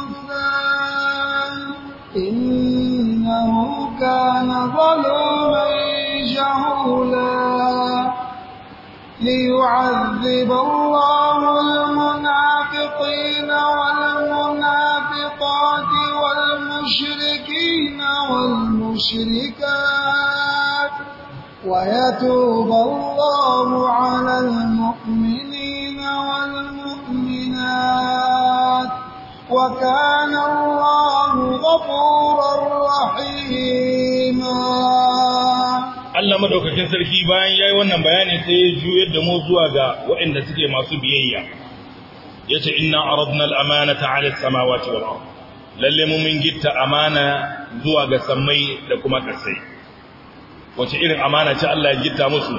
إنه كان ظلوما ليعذب الله المنافقين والمنافقات والمشركين والمشركات ويتوب الله على المؤمنين والمؤمنات وكان الله غفورا رحيما Allah madaukakin sarki bayan ya yi wannan bayani sai ya juyar da mu zuwa ga waɗanda suke masu biyayya yace inna aradna al-amanata 'ala as-samawati wal ard lalle mu min gitta amana zuwa ga sammai da kuma kasai wace irin amana ce Allah ya gitta musu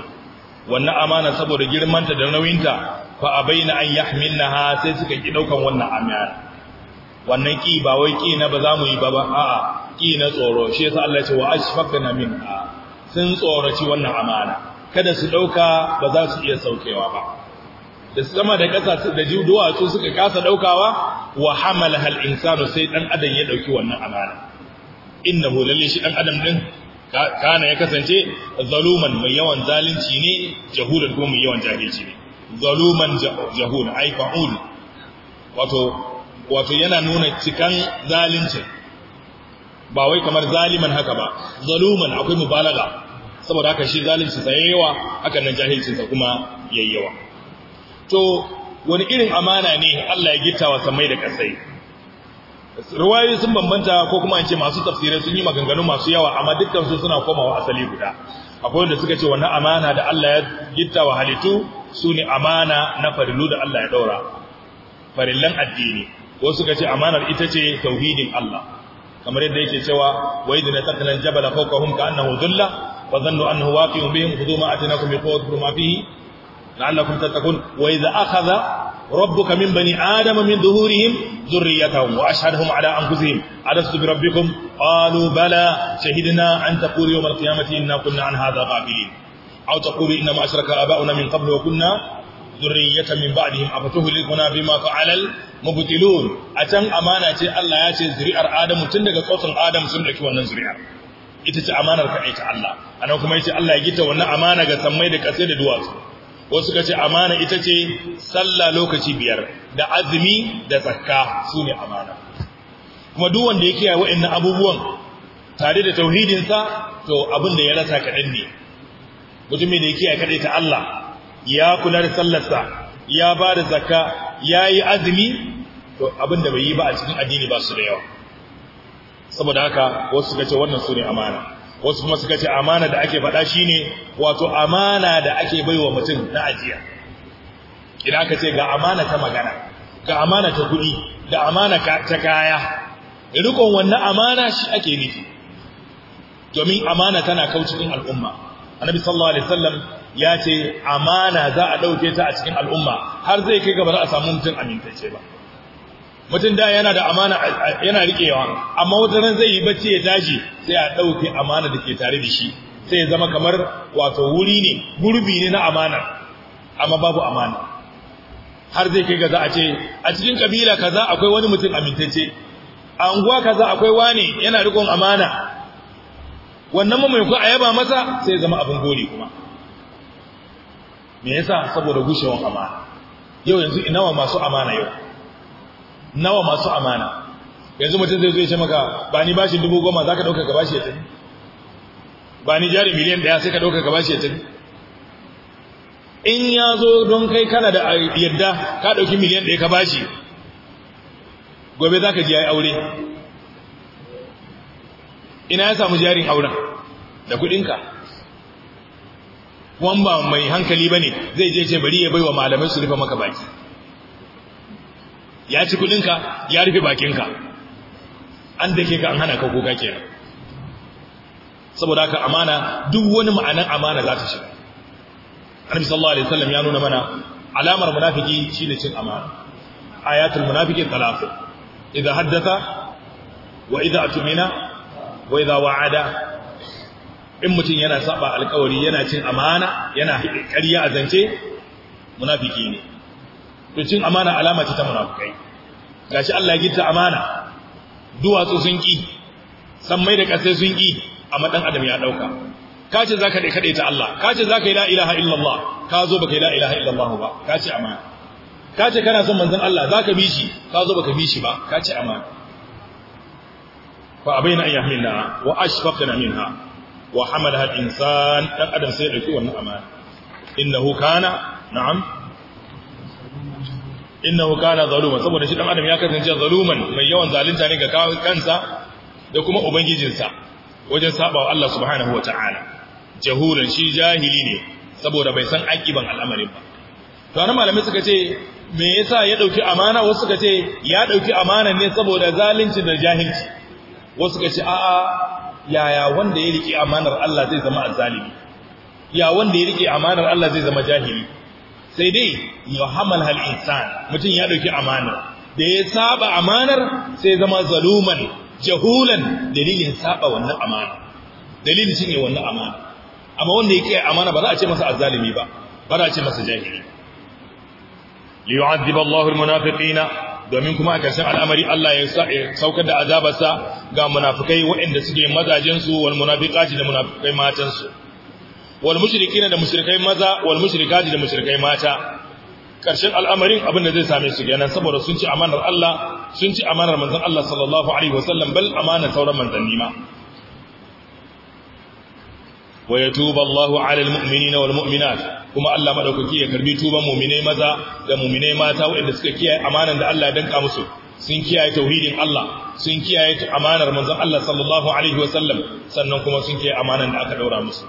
wannan amana saboda girmanta da nauyinta fa a bayyana an yahmilnaha sai suka ki daukan wannan amana wannan ki ba wai ki na ba za mu yi ba ba a'a ki na tsoro shi yasa Allah ya ce wa ashfaqna minha sun tsoraci wannan amana kada su dauka ba za su iya saukewa ba da sama da kasa da su suka kasa daukawa wa hamala hal insanu sai dan adam ya dauki wannan amana innahu lalle shi dan adam din kana ya kasance zaluman mai yawan zalunci ne jahulan kuma mai yawan jahilci ne zaluman jahul ai fa'ul wato wato yana nuna cikan zalunci ba wai kamar zaliman haka ba zaluman akwai mubalagha saboda haka shi zalunci sa yawa hakan nan jahilcin kuma yayyawa to wani irin amana ne Allah ya gittawa samai da kasai ruwayoyi sun bambanta ko kuma an ce masu tafsirai sun yi maganganu masu yawa amma dukkan suna komawa asali guda akwai wanda suka ce wannan amana da Allah ya gittawa halittu su ne amana na farilu da Allah ya daura farillan addini ko suka ce amanar ita ce tauhidin Allah kamar yadda yake cewa wa idna taqlan jabala fawqahum ka'annahu dhulla وظنوا أنه واقع بهم خذوا ما أتناكم بقوة ما فيه لعلكم تتقون وإذا أخذ ربك من بني آدم من ظهورهم ذريتهم وأشهدهم على أنفسهم ألست بربكم قالوا بلى شهدنا أن تقول يوم القيامة إنا كنا عن هذا غافلين أو تقول إنما أشرك آباؤنا من قبل وكنا ذرية من بعدهم أفتهلكنا بما فعل المبتلون أتم أمانة الله يأتي ذريع آدم تندق قوة آدم سنعك ونزريع ita ce amanar kaɗai ta Allah anan kuma ce Allah ya gita wannan amana ga sammai da ƙasai da duwatsu wasu kace amana ita ce sallah lokaci biyar da azumi da zakka sune amana kuma duk wanda yake yawa inna abubuwan tare da tauhidin sa to abin da ya rasa kaɗan ne mutumin da yake kaɗai ta Allah ya kula da sa ya ba da zakka ya yi azumi to abin da bai yi ba a cikin addini ba su da yawa saboda haka wasu suka ce wannan sune amana wasu kuma suka ce amana da ake faɗa shine wato amana da ake baiwa mutum na ajiya idan aka ce ga amana ta magana ga amana ta kuɗi da amana ta kaya rikon wannan amana shi ake nufi domin amana tana kaucikin al'umma annabi sallallahu alaihi wasallam ya ce amana za a ɗauke ta a cikin al'umma har zai kai gaba za a samu mutum amintacce ba mutum da yana da amana yana rikewa amma wata ran zai yi bacci ya tashi sai a ɗauke amana da ke tare da shi sai ya zama kamar wato wuri ne gurbi ne na amana amma babu amana har zai kai ga za a ce a cikin kabila kaza akwai wani mutum amintacce a unguwa kaza akwai wani yana rikon amana wannan mai ku a yaba masa sai ya zama abin gori kuma me yasa saboda gushewan amana yau yanzu ina wa masu amana yau nawa masu amana yanzu mutum zai zo ya ce maka ba ni bashin dubu goma za ka ɗauka ka bashi ya tafi ba ni jari miliyan ɗaya sai ka ɗauka ka bashi ya tafi in ya zo don kai kana da yadda ka ɗauki miliyan ɗaya ka bashi gobe za ka ji ya yi aure ina ya samu jarin auren da kuɗinka wamba mai hankali ba ne zai je ce bari ya bai wa malamai su rufe maka baki ya ci kudinka ya rufe bakinka an dake ka an hana ka kuka ke saboda haka amana duk wani ma'anar amana za ta shiga annabi sallallahu alaihi wasallam ya nuna mana alamar munafiki shine cin amana ayatul munafiki talafu idza haddatha wa idza atmina wa idza wa'ada in mutum yana saba alkawari yana cin amana yana ƙarya a zance munafiki ne to cin amana alama ce ta munafukai gashi Allah ya gita amana duwatsu sun ki sammai da kasai sun ki amma dan adam ya dauka Kace ce zaka dai kade Allah Kace ce zaka yi la ilaha illallah ka zo baka yi la ilaha illallah ba Kace amana Kace kana son manzon Allah zaka bi shi ka zo baka bi shi ba Kace amana fa abaina an yahmilna wa ashfaqna minha wa hamalaha al-insan dan adam sai ya dauki wannan amana innahu kana na'am innahu kana zaluman saboda shi dan adam ya kasance zaluman mai yawan zalunta ne ga kansa da kuma ubangijinsa wajen sabawa Allah subhanahu wataala jahulan shi jahili ne saboda bai san aqiban al'amarin ba to anan malamai suka ce me yasa ya dauki amana wasu suka ce ya dauki amana ne saboda zalunci da jahilci wasu suka ce a'a yaya wanda ya rike amanar Allah zai zama azzalimi ya wanda ya rike amanar Allah zai zama jahili sai dai yuhammal hal insan mutum ya dauki amana da ya saba amanar sai zama zaluman jahulan dalilin saba wannan amana dalilin shine wannan amana amma wanda yake amana ba za a ce masa azzalimi ba ba za a ce masa jahili li yu'adhib Allahu al-munafiqina domin kuma a ƙarshen al'amari Allah ya saukar da azabarsa ga munafikai waɗanda suke mazajensu wal munafiqati da munafikai matansu wal da mushrikai maza wal mushrikati da mushrikai mata karshen al'amarin abin da zai same su kenan saboda sun ci amanar Allah sun ci amanar manzon Allah sallallahu alaihi wasallam bal amanar sauran manzanni ma wa yatubu Allahu ala almu'minina wal mu'minat kuma Allah madaukaki ya karbi tuban mu'minai maza da mu'minai mata waɗanda suka kiyaye amanar da Allah ya danka musu sun kiyaye tauhidin Allah sun kiyaye amanar manzon Allah sallallahu alaihi wasallam sannan kuma sun kiyaye amanar da aka daura musu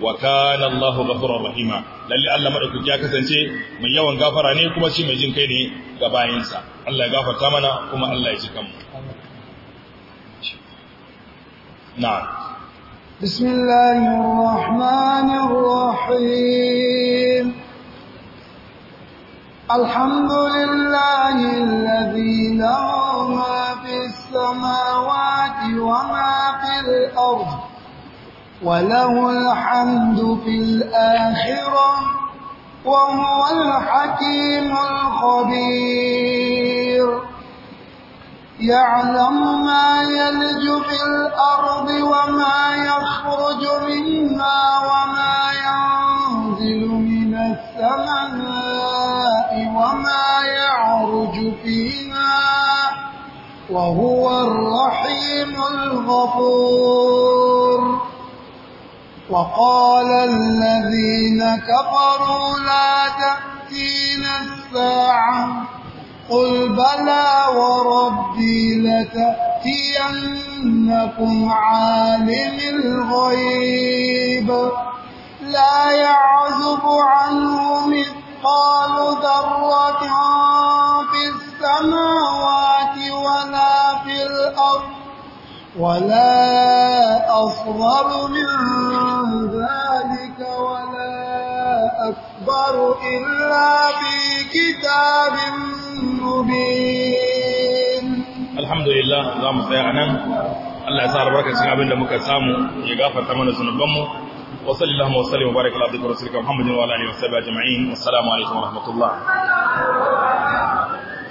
wa kana Allahu ghafurur rahima lalle Allah madaukaki ya kasance mai yawan gafara ne kuma shi mai jin kai ne ga bayinsa Allah ya gafarta mana kuma Allah ya ji kanmu na'am bismillahir rahmanir rahim alhamdulillahi alladhi lahu ma fis samawati wa ma وله الحمد في الآخرة وهو الحكيم الخبير يعلم ما يلج في الأرض وما يخرج منها وما ينزل من السماء وما يعرج فيها وهو الرحيم الغفور وقال الذين كفروا لا تأتينا الساعة قل بلى وربي لتأتينكم عالم الغيب لا يعزب عنه مثقال ذرة في السماوات ولا في الأرض ولا أصغر من ذلك ولا أكبر إلا في كتاب مبين الحمد لله نظام سيعنا الله يسعر بركة سنة عبد الله مكسام يقافر ثمان سنة بمه وصل الله وسلم وبارك الله عبدك ورسولك محمد وعلى آله وصحبه أجمعين والسلام عليكم ورحمة الله